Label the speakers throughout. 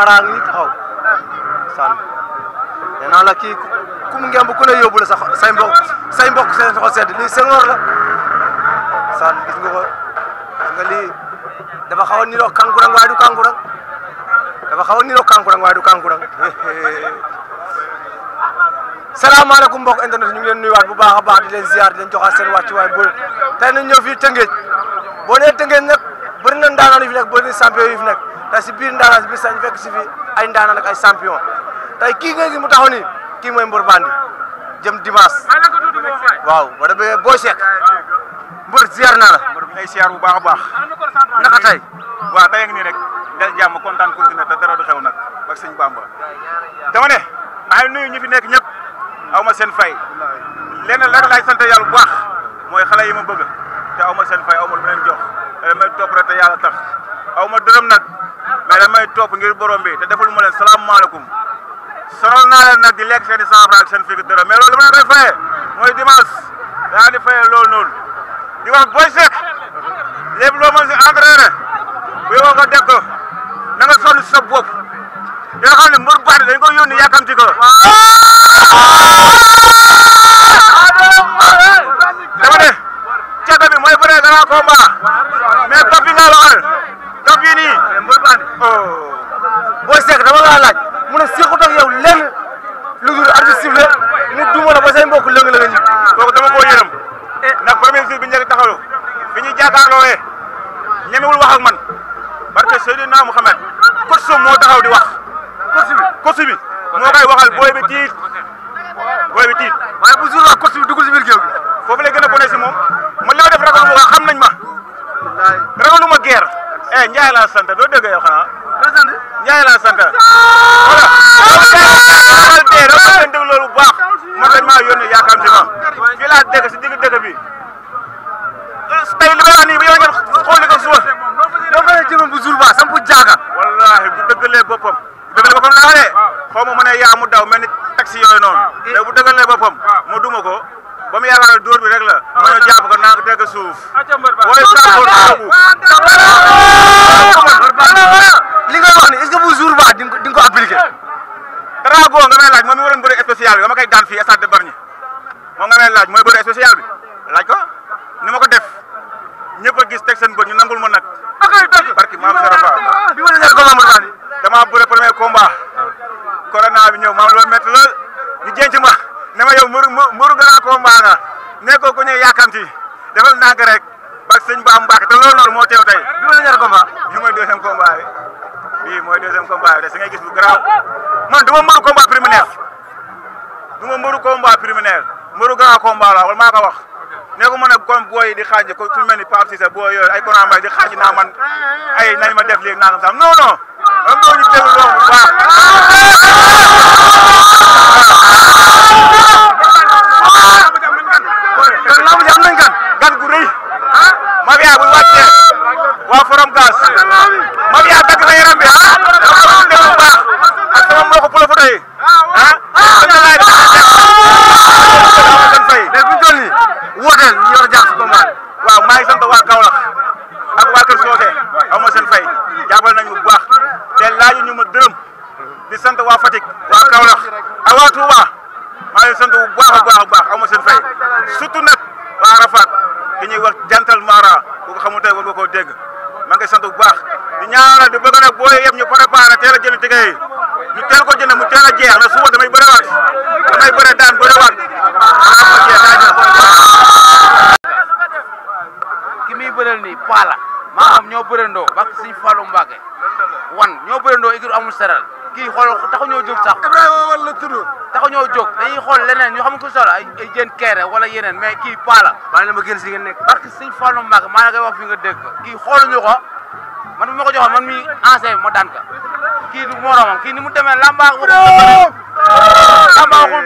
Speaker 1: mara ngi taxaw sànn nee naa la kii ku mu ngemb ku ne yóbbu la sax say mbokk say mbokk seen soxo sedd lii seen war la sànn gis nga ko lii dafa xaw a niroo kankurang waaye du kankurang dafa xaw a niroo kankurang waaye du kankurang salaamaaleykum mbokk internet ñu ngi leen nuyuwaat bu baax a baax di leen ziar di leen joxaat seen wàccuwaay bu tey nañ ñëw fii Tëngéej boo nee Tëngéej nag bëri na ndaanaan yu fi nekk bëri na champion yu fi nekk tey si biir ndaanaan sa sañ fekk si fi ay ndaanaan ak ay champion tey kii nga gi mu taxaw ni kii mooy mbër bandi jëm dimanche waaw wala ba booy seek mbër ziar naa la ay ziar bu baax a baax naka tey waaw tey ak nii rek dal jàmm kontaan continué te dara du xew nag ak sëñ Bamba dama ne maa ngi nuyu ñi fi nekk ñëpp aw seen fay lenn la laay sant yàlla bu baax mooy xale yi ma bëgg te aw ma seen fay aw ma lu ma leen eh, topp rek te yàlla tax mais damay topp ngir borom bi te deful ma leen salaamaaleykum sonal naa leen nag di lekk seen i saafara ak seen fii dara mais loolu li ma mooy dimanche daa di fayee loolu noonu di wax Boy Seck loo mën si entraîné bu yowoo ko def na nga sonn si sa bopp yoo xam ne mbër baax dañ ko yónni yàkkamti ko. dama ne càkk bi mooy bëre grand combat mais papi nga waxal. donc yéen ñii. Oh. booy seq dama laa laaj mu ne sequt ak yow lenn lu dul arbitre la mu duma la ba say mbokk lëng la nga ñib. kooku dama koo yërëm. Eh. ndax premier jour bi ñu nekk taxalu bi ñuy jàkkaarloowee ñemewul wax ak man barke Seydina Mouhamed coach bi moo taxaw di wax. coach bi coach bi moo koy waxal booy bi tiit booy bi tiit. waaye bu jour la coach bi dugg si biir géew bi. foofu lay gën a bone si moom man li ma def ragaluma ko xam nañ ma. ragaluma guerre. eh Ndiaye laa sant doo dégg yow xanaa. doo sant Ndiaye laa sant. voilà. dee da nga leen déglu loolu bu baax. man dañ maa yónnee yaakaar ci ma. fii laa si digg dëkk bi. tey li nii bu yow ngeen xool ko suba. doo fa ne bu jour ba sampu jaaga. wallaahi bu dëggalee boppam. dëggalee boppam laa waxee. xaw ma mu ne yaa daw mel ni taxi yooyu noonu. mais mu duma ko. ba mu yaakaar ne bi rek la. Ah, mën a jàpp ko naa ko suuf. wooy Sakho li nga wax ni est-ce ba di nga ko di nga ko appliqué. Drago nga may laaj moom mi waroon bëri spécial bi dama koy daan fii stade de Bargny moom nga may laaj mooy bëri spécial laaj ko ni ma ko def ñëpp gis teg seen bët ñu nangul ma nag. ok dëgg parce que defal naag rek parce que sëñ Ba Mbacke te loolu noonu moo teew tey bi ma la ñaar combat bi mooy deuxième combat bi bii mooy deuxième combat bi te si ngay gis lu garaaw man du ma mbaru combat préliminaire du ma mbaru combat préliminaire mbaru grand combat la wala maa ko wax nekkul ma nag comme booy di xaaj ko ku mel ni Pape Cissé booy yooyu ay konam di xaaj naa ay nañ ma def léegi nangam sax non non am na ñu déglu loolu bu baax. sant waa Fatick waa Kaolack ak waa maa ngi sant bu baax a baax a baax amu seen fay waa Arafat di wax jantal Mara bu ko tey war nga koo dégg maa ngi sant bu baax di ñaanal di bëgg nag booy yëpp ñu préparé teel a jënd ticket yi ñu teel ko jënd mu teel a jeex na suba damay bëriwaat damay bëri daan bëriwaat maa ki muy bëreel nii Pala maa am ñoo bërendoo ba Sëñ Fallou Mbacké wan ñoo bërendoo igir amul seral kii xool taxuñoo jóg sax. Ibrahima wala la tudd. taxuñoo jóg dañuy xool leneen ñu xam ko solo ay ay jën keere wala yeneen mais kii paa la. maa ngi ma gën si ngeen nekk. parce que sëñ Fallou Mbacke maa ngi koy fi nga dégg kii xooluñu ko man mi ma ko joxoon man mi enseigne ma daan ka kii du moromam kii ni mu demee lambaax waxul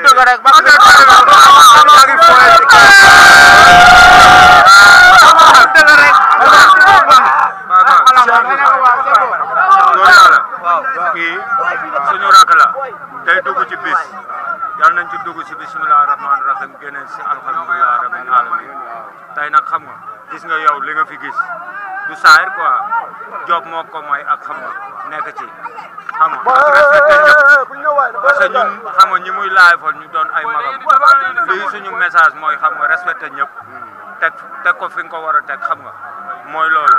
Speaker 1: dëgg rek lambaax waxul dëgg rek. kii suñu rak la tey dugg ci bis yal nañ ci dugg ci bisimilah rahmaani rahim génne si alhamdulilah rabbil alamin tey nag xam nga gis nga yow li nga fi gis du saayir quoi job moo ko may ak xam nekk ci xam nga ak respecté xam nga ñi muy laay fol ñu doon ay magam lii suñu message mooy xam nga respecté ñëpp teg teg ko fi nga ko war a teg xam nga mooy loolu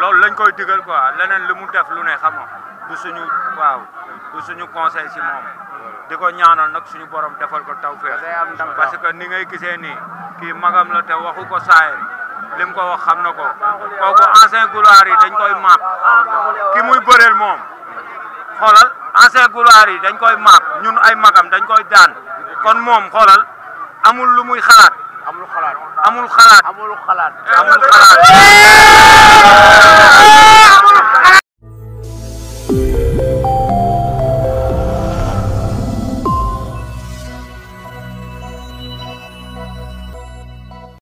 Speaker 1: loolu lañ koy digal quoi leneen li mu def lu ne xamoo du suñu waaw du suñu conseil si moom di ko ñaanal nag suñu boroom defal ko tawfeex parce que ni ngay gisee ni kii magam la te waxu ko saayir li ko wax xam na ko kooku ancien gloire yi dañ koy maap ki muy bëreel moom xoolal ancien gloire yi dañ koy maap ñun ay magam dañ koy daan kon moom xoolal amul lu muy xalaat amul xalaat xalaat amul xalaat